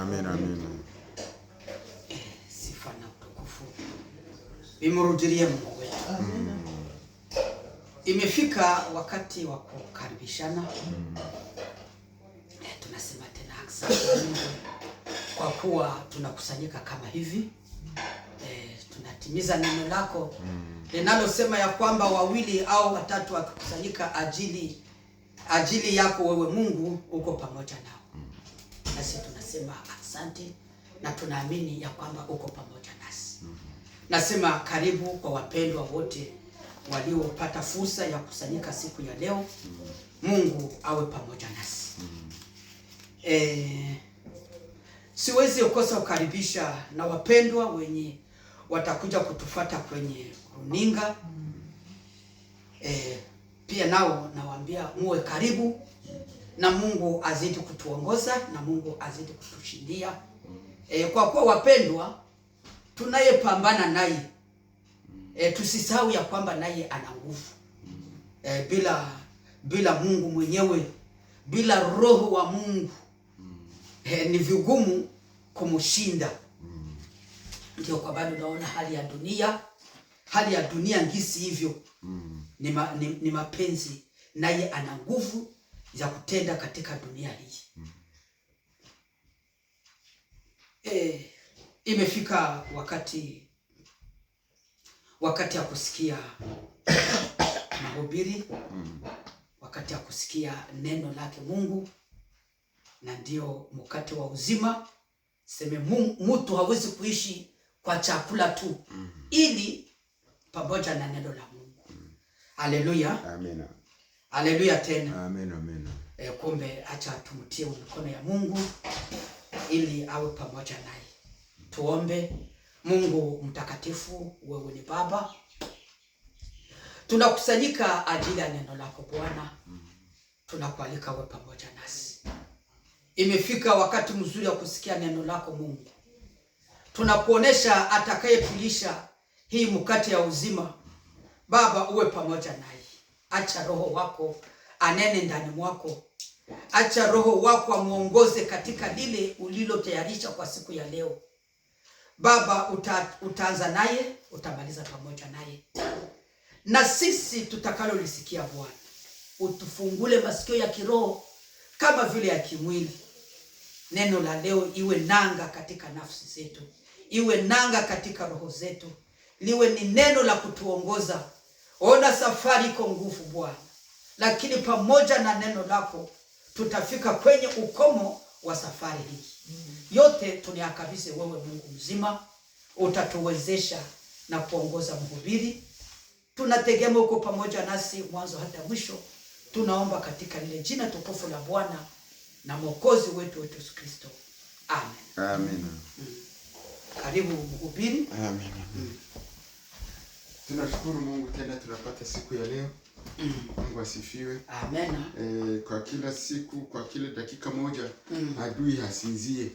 Amen, amen. Sifa na utukufu imrudilie Mungu wetu. Mm. Imefika wakati wa kukaribishana. Mm. Tunasema tena asante kwa kuwa tunakusanyika kama hivi. E, tunatimiza neno lako mm. linalosema mm. ya kwamba wawili au watatu wakikusanyika ajili ajili yako wewe Mungu uko pamoja nao nasi tunasema asante na tunaamini ya kwamba uko pamoja nasi. Nasema karibu kwa wapendwa wote waliopata fursa ya kusanyika siku ya leo. Mungu awe pamoja nasi. E, siwezi kukosa kukaribisha na wapendwa wenye watakuja kutufata kwenye runinga. E, pia nao nawaambia muwe karibu na Mungu azidi kutuongoza na Mungu azidi kutushindia. Mm. E, kwa kuwa wapendwa, tunayepambana naye e, tusisahau ya kwamba naye ana nguvu mm. e, bila bila Mungu mwenyewe bila roho wa Mungu mm. e, ni vigumu kumshinda. Ndio kwa bado naona hali ya dunia hali ya dunia ngisi hivyo ni, ma, ni, ni mapenzi, naye ana nguvu za kutenda katika dunia hii mm. E, imefika wakati wakati ya kusikia mahubiri mm. wakati ya kusikia neno lake Mungu, na ndio mkate wa uzima. Seme mtu hawezi kuishi kwa chakula tu mm. ili pamoja na neno la Mungu mm. Haleluya, amina. Haleluya tena. Amen, amen. E, kumbe acha tumtie mikono ya Mungu ili awe pamoja naye. Tuombe. Mungu mtakatifu, wewe ni Baba, tunakusanyika ajili ya neno lako Bwana, tunakualika wewe pamoja nasi. Imefika wakati mzuri wa kusikia neno lako Mungu, tunakuonesha atakayetulisha hii mkate ya uzima. Baba, uwe pamoja naye Acha Roho wako anene ndani mwako. Acha Roho wako amwongoze katika lile ulilotayarisha kwa siku ya leo. Baba, uta, utaanza naye, utamaliza pamoja naye, na sisi tutakalolisikia Bwana, utufungule masikio ya kiroho kama vile ya kimwili. Neno la leo iwe nanga katika nafsi zetu, iwe nanga katika roho zetu, liwe ni neno la kutuongoza Ona safari iko nguvu Bwana, lakini pamoja na neno lako tutafika kwenye ukomo wa safari hii. Mm. Yote Tuniakabise wewe, Mungu mzima, utatuwezesha na kuongoza mhubiri. Tunategemea uko pamoja nasi mwanzo hata mwisho. Tunaomba katika lile jina tukufu la Bwana na mwokozi wetu wetu Yesu Kristo, amen, amen. Mm. Karibu mhubiri. Amen. Mm. Tunashukuru Mungu tena tunapata siku ya leo. Mm. Mungu asifiwe. Amen. E, kwa kila siku, kwa kila dakika moja mm. adui hasinzie,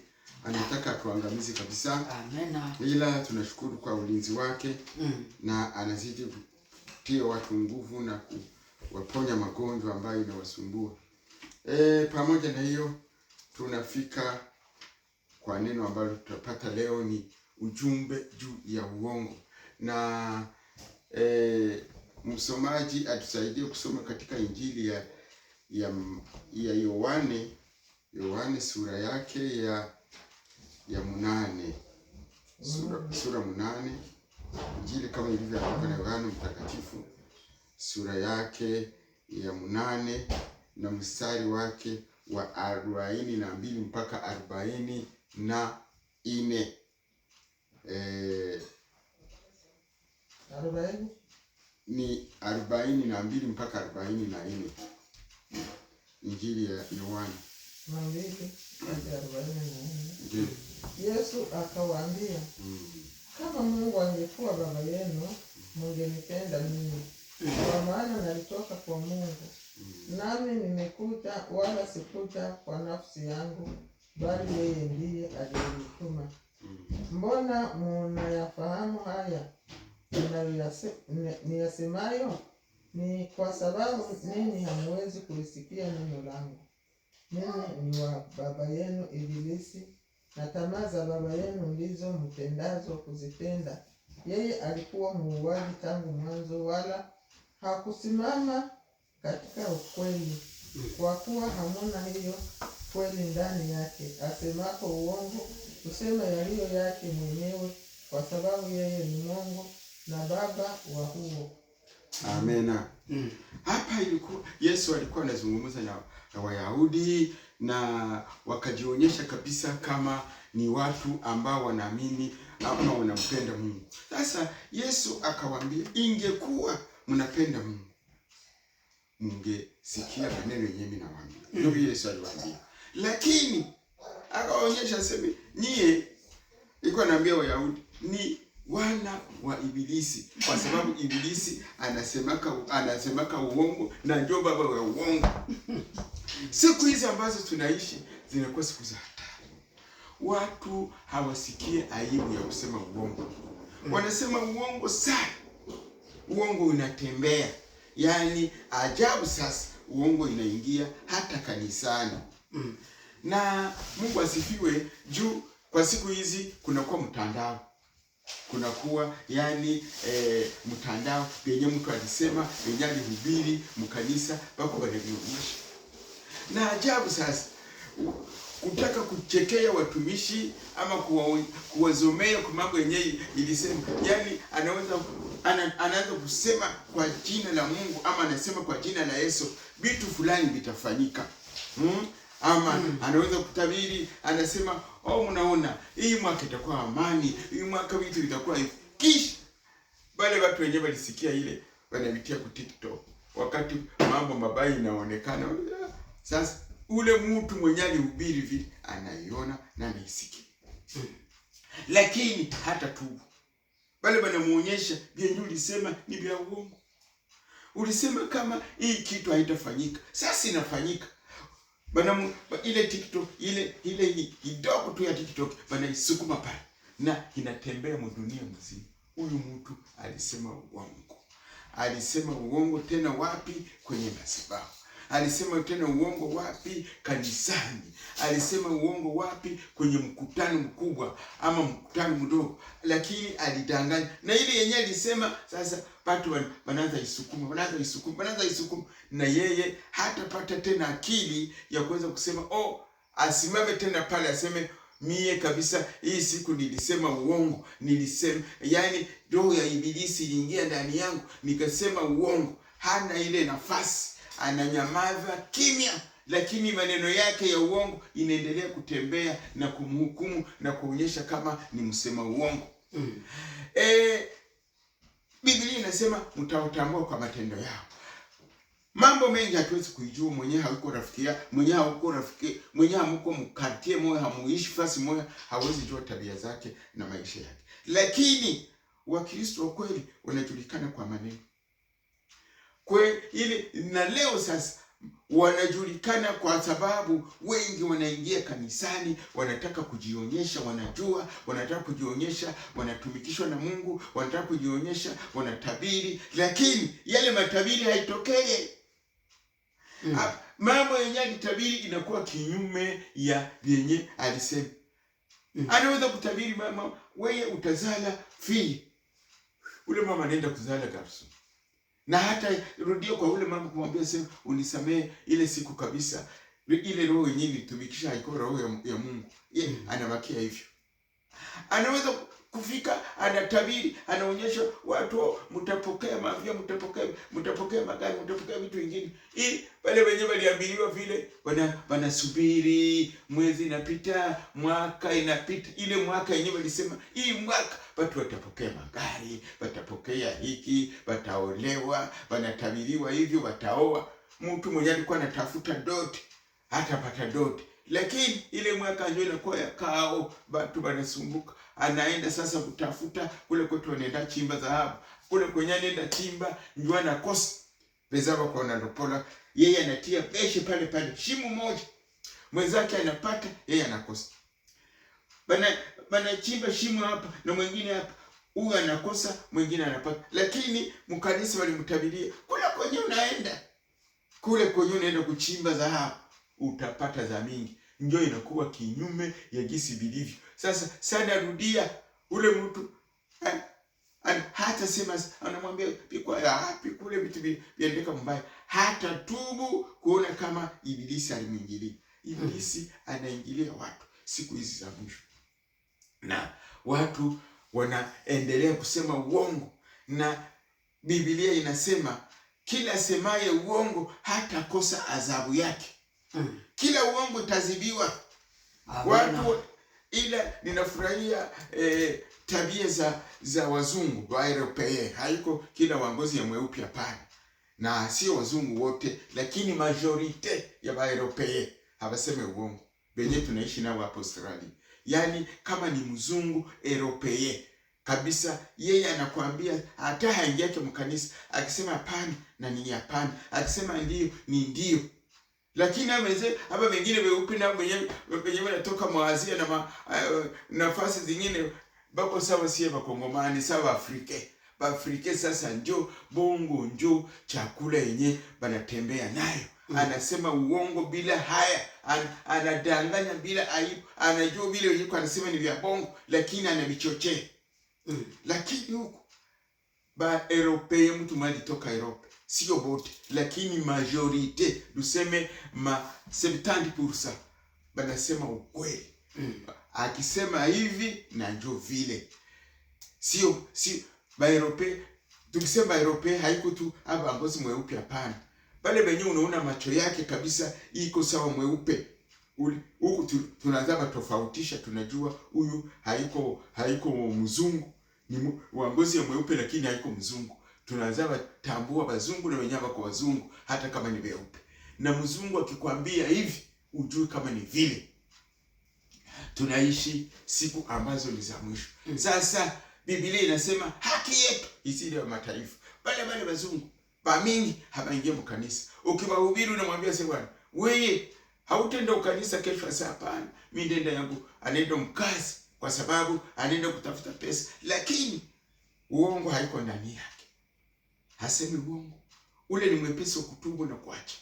anataka atuangamize kabisa. Amen. Ila tunashukuru kwa ulinzi wake mm. na anazidi kutia watu nguvu na kuwaponya magonjwa ambayo inawasumbua. Eh, pamoja na hiyo tunafika kwa neno ambalo tutapata leo ni ujumbe juu ya uongo na e, msomaji atusaidie kusoma katika Injili ya ya ya Yohane Yohane sura yake ya ya munane sura, sura munane Injili kama ilivyoandikwa na Yohane mtakatifu sura yake ya munane na mstari wake wa arobaini na mbili mpaka arobaini na nne. eh, arobaini ni arobaini na mbili mpaka arobaini na nne Injili ya Yohana Yesu akawaambia mm, kama Mungu angekuwa baba yenu mungenipenda mimi, kwa maana nalitoka kwa Mungu mm. nami nimekuja, wala sikuja kwa nafsi yangu, bali yeye ndiye aliyenituma. Mm. mbona munayafahamu haya niyasemayo ni kwa sababu ninyi hamwezi kulisikia neno langu. Mimi ni wa baba yenu Ibilisi, na tamaa za baba yenu ndizo mtendazo kuzitenda. Yeye alikuwa muuaji tangu mwanzo, wala hakusimama katika ukweli, kwa kuwa hamuna hiyo kweli ndani yake. Asemako uongo, kusema yaliyo yake mwenyewe, kwa sababu yeye ni mwongo na baba wa huo. Amena. Mm. Hapa ilikuwa Yesu alikuwa anazungumza na, na Wayahudi na wakajionyesha kabisa kama ni watu ambao wanaamini ama wanampenda Mungu. Sasa Yesu akawaambia, ingekuwa mnapenda Mungu mngesikia maneno yenyewe mimi nawaambia. Mm. Ndio mm. Yesu aliwaambia. Lakini akawaonyesha sema, nyie ilikuwa anaambia Wayahudi ni wana wa Ibilisi, kwa sababu Ibilisi anasemaka anasemaka uongo na ndio baba wa uongo. Siku hizi ambazo tunaishi zinakuwa siku za hatari, watu hawasikie aibu ya kusema uongo, wanasema uongo sana, uongo unatembea. Yaani ajabu sasa, uongo inaingia hata kanisani na Mungu asifiwe juu. Kwa siku hizi kunakuwa mtandao kunakuwa yani e, mtandao yenye mtu alisema yenye alihubiri mkanisa bako wanavionyesha. Na ajabu sasa, kutaka kuchekea watumishi ama kuwazomea kwa mambo yenye ilisema, yani anaweza anaanza kusema kwa jina la Mungu ama anasema kwa jina la Yesu vitu fulani vitafanyika, hmm? ama mm. anaweza kutabiri, anasema oh, mnaona hii mwaka itakuwa amani, hii mwaka vitu vitakuwa hivi. Kisha wale watu wenyewe walisikia ile, wanavitia ku TikTok, wakati mambo mabaya inaonekana. Sasa ule mtu mwenye alihubiri vile anaiona na anaisikia mm. lakini hata tubu wale wanamuonyesha vyenye ulisema ni vya uongo, ulisema kama hii kitu haitafanyika, sasa inafanyika ba ile TikTok ile ile kidogo tu ya TikTok banaisukuma pale na inatembea mdunia mzima. Huyu mtu alisema uongo, alisema uongo tena wapi? Kwenye masibao. Alisema tena uongo wapi? Kanisani. Alisema uongo wapi? Kwenye mkutano mkubwa ama mkutano mdogo, lakini alidanganya. Na ile yenyewe alisema sasa, watu wanaanza isukuma, wanaanza isukuma, wanaanza isukuma, na yeye hatapata tena akili ya kuweza kusema oh, asimame tena pale aseme mie kabisa, hii siku nilisema uongo, nilisema yani, roho ya ibilisi iliingia ndani yangu, nikasema uongo. Hana ile nafasi ananyamaza kimya, lakini maneno yake ya uongo inaendelea kutembea na kumhukumu na kuonyesha kama ni msema uongo. Mm. E, Biblia inasema mtawatambua kwa matendo yao. Mambo mengi hatuwezi kuijua mwenyewe, hauko rafikia mwenyewe, hauko rafiki mwenyewe, hamko mkatie moyo, hamuishi fasi moyo, hawezi jua tabia zake na maisha yake, lakini Wakristo wa kweli wanajulikana kwa maneno kwe, ili na leo sasa wanajulikana kwa sababu wengi wanaingia kanisani, wanataka kujionyesha, wanajua, wanataka kujionyesha, wanatumikishwa na Mungu, wanataka kujionyesha, wanatabiri, lakini yale matabiri haitokee. Hmm. Mambo yenye alitabiri inakuwa kinyume ya yenye alisema. Hmm. Anaweza kutabiri mama, wewe utazala fii, ule mama anaenda kuzala kabisa na hata rudia kwa ule mama kumwambia se unisamee ile siku kabisa. Ile roho yenyewe ilitumikisha haikuwa roho ya, ya Mungu. Yeye mm. anabakia hivyo. Anaweza kufika anatabiri, anaonyesha watu, mtapokea maafia, mtapokea mtapokea magari, mtapokea vitu vingine. ili wale wenye waliambiliwa vile, wana wanasubiri mwezi inapita, mwaka inapita, ile mwaka yenyewe walisema hii mwaka watu watapokea magari, watapokea hiki, wataolewa, wanatabiriwa hivyo, wataoa. Mtu mwenye alikuwa anatafuta doti hatapata doti, lakini ile mwaka yenyewe inakuwa ya kao, watu wanasumbuka anaenda sasa kutafuta kule kwetu, anaenda chimba dhahabu kule kwenye anaenda chimba njua na kosa reserva kwa wanalopola, yeye anatia peshe pale pale shimo moja, mwenzake anapata, yeye anakosa. Bana bana chimba shimo hapa na mwingine hapa, huyu anakosa, mwingine anapata. Lakini mkanisa walimtabiria kule kwenye unaenda kule kwenye unaenda kuchimba dhahabu utapata za mingi, njoo inakuwa kinyume ya jinsi vilivyo. Sasa sana rudia ule mtu eh, hata sema anamwambia pikwa kule vitu viandika mbaya, hata tubu kuona kama ibilisi alimwingilia. Ibilisi hmm, anaingilia watu siku hizi za mwisho, na watu wanaendelea kusema uongo, na Biblia inasema kila semaye uongo hata kosa adhabu yake. Hmm, Kila uongo itazibiwa watu ila ninafurahia eh, tabia za za wazungu wa Europee. Haiko kila wangozi ya mweupe hapana, na sio wazungu wote, lakini majorite ya Waeuropee hawaseme uongo, benye tunaishi nao hapo Australia. Yaani kama ni mzungu Europee kabisa, yeye anakuambia hata haingiake mkanisa, akisema hapana na nini hapana, akisema ndio ni ndio lakini ameze hapa mengine weupe na mwenye natoka mwaazia na ma, eh, nafasi zingine bako sawa, sie bakongomani sawa Afrike baafrike sasa, njo bongo njo chakula yenye banatembea nayo mm. Anasema uongo bila haya anadanganya bila aibu, anajua vile wenyewe anasema ni vya bongo, lakini anavichochea mm. Lakini huku ba Europea mtu mali toka Europe sio wote, lakini majorite tuseme ma 70% banasema ukweli mm. Akisema hivi na njo vile, sio sio baerope. Tukisema baerope haiko tu hapa ngozi mweupe, hapana, pale benye unaona macho yake kabisa iko sawa mweupe huku tunazama tofautisha, tunajua huyu haiko haiko mzungu, ni wa ngozi ya mweupe, lakini haiko mzungu tunaanza watambua wazungu na wenyewe kwa wazungu, hata kama ni weupe. Na mzungu akikwambia hivi, ujui kama ni vile. Tunaishi siku ambazo ni za mwisho. Mm. Sasa Biblia inasema haki yetu isije ya mataifa wale wale wazungu bamingi habaingie mkanisa. Ukiwahubiri unamwambia sasa, bwana wewe hautenda ukanisa kesho. Sasa hapana, mimi ndenda yangu, anaenda mkazi kwa sababu anaenda kutafuta pesa, lakini uongo haiko ndani yake hasemi uongo, ule ni mwepesi wa kutubu na kuacha.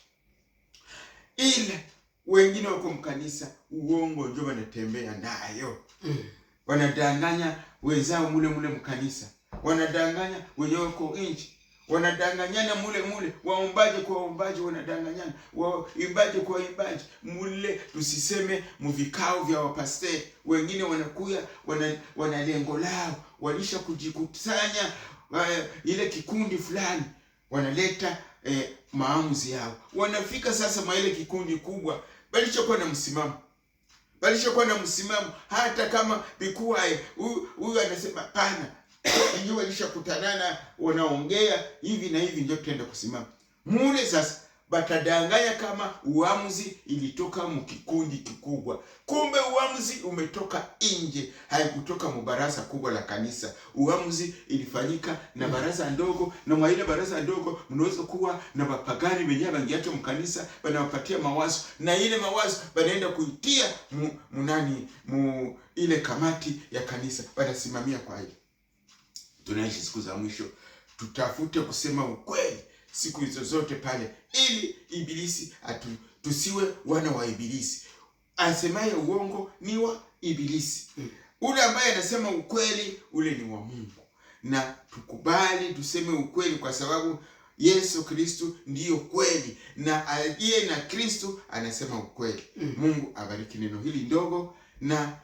Ila wengine wako mkanisa, uongo ndio wanatembea nayo, mm. wanadanganya wenzao mule mule mkanisa, wanadanganya wenye wako nje, wanadanganyana mule mule, waombaje kwa waombaje, wanadanganyana waimbaji kwa ibaje mule, tusiseme mvikao vya wapaste. Wengine wanakuya wana, wana lengo lao, walisha kujikusanya ile kikundi fulani wanaleta eh, maamuzi yao. Wanafika sasa maile kikundi kubwa balichokuwa na msimamo balichokuwa na msimamo, hata kama vikuwae huyu anasema pana jua lishakutanana, wanaongea hivi na hivi, ndio tutaenda kusimama mule sasa batadanganya kama uamuzi ilitoka mkikundi kikubwa, kumbe uamuzi umetoka nje, haikutoka mbaraza kubwa la kanisa. Uamuzi ilifanyika na baraza ndogo, na mwaile baraza ndogo mnaweza kuwa na bapagani wenyewe bangiacho mkanisa, wanawapatia mawazo na ile mawazo wanaenda kuitia mnani mu ile kamati ya kanisa, wanasimamia. kwa hiyo Tunaishi siku za mwisho, tutafute kusema ukweli siku hizo zote pale, ili ibilisi atu, tusiwe wana wa ibilisi. Asemaye uongo ni wa ibilisi, ule ambaye anasema ukweli ule ni wa Mungu. Na tukubali tuseme ukweli, kwa sababu Yesu Kristu ndiyo kweli, na aliye na Kristu anasema ukweli. Mm. Mungu abariki neno hili ndogo, na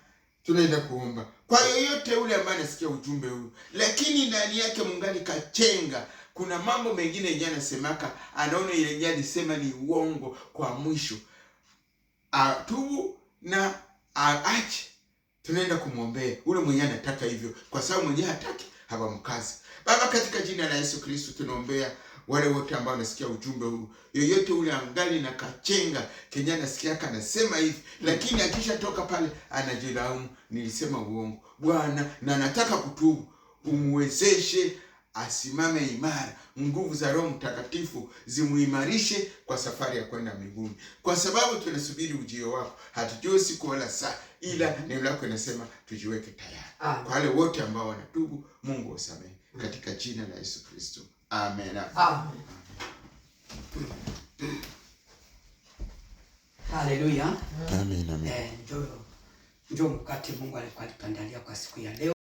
tunaenda kuomba kwa yoyote ule ambaye anasikia ujumbe huu, lakini ndani yake mungali kachenga kuna mambo mengine yenye anasemaka, anaona ile yenyewe alisema ni uongo kwa mwisho. Atubu na aache, tunaenda kumwombea ule mwenye anataka hivyo, kwa sababu mwenye hataki hawamkazi. Baba, katika jina la Yesu Kristo tunaombea wale wote ambao nasikia ujumbe huu, yoyote ule angali na kachenga kenye anasikiaka kanasema hivi, lakini akishatoka pale anajilaumu, nilisema uongo Bwana na nataka kutubu, umwezeshe asimame imara, nguvu za Roho Mtakatifu zimuimarishe kwa safari ya kwenda mbinguni, kwa sababu tunasubiri ujio wako. Hatujui siku wala saa, ila neno lako inasema tujiweke tayari. Kwa wale wote ambao wanatubu, Mungu wasamehe katika jina la Yesu Kristo, amen, Haleluya, amen, amen. ndio eh, ndio mkate Mungu alikuwa alituandalia kwa siku ya leo.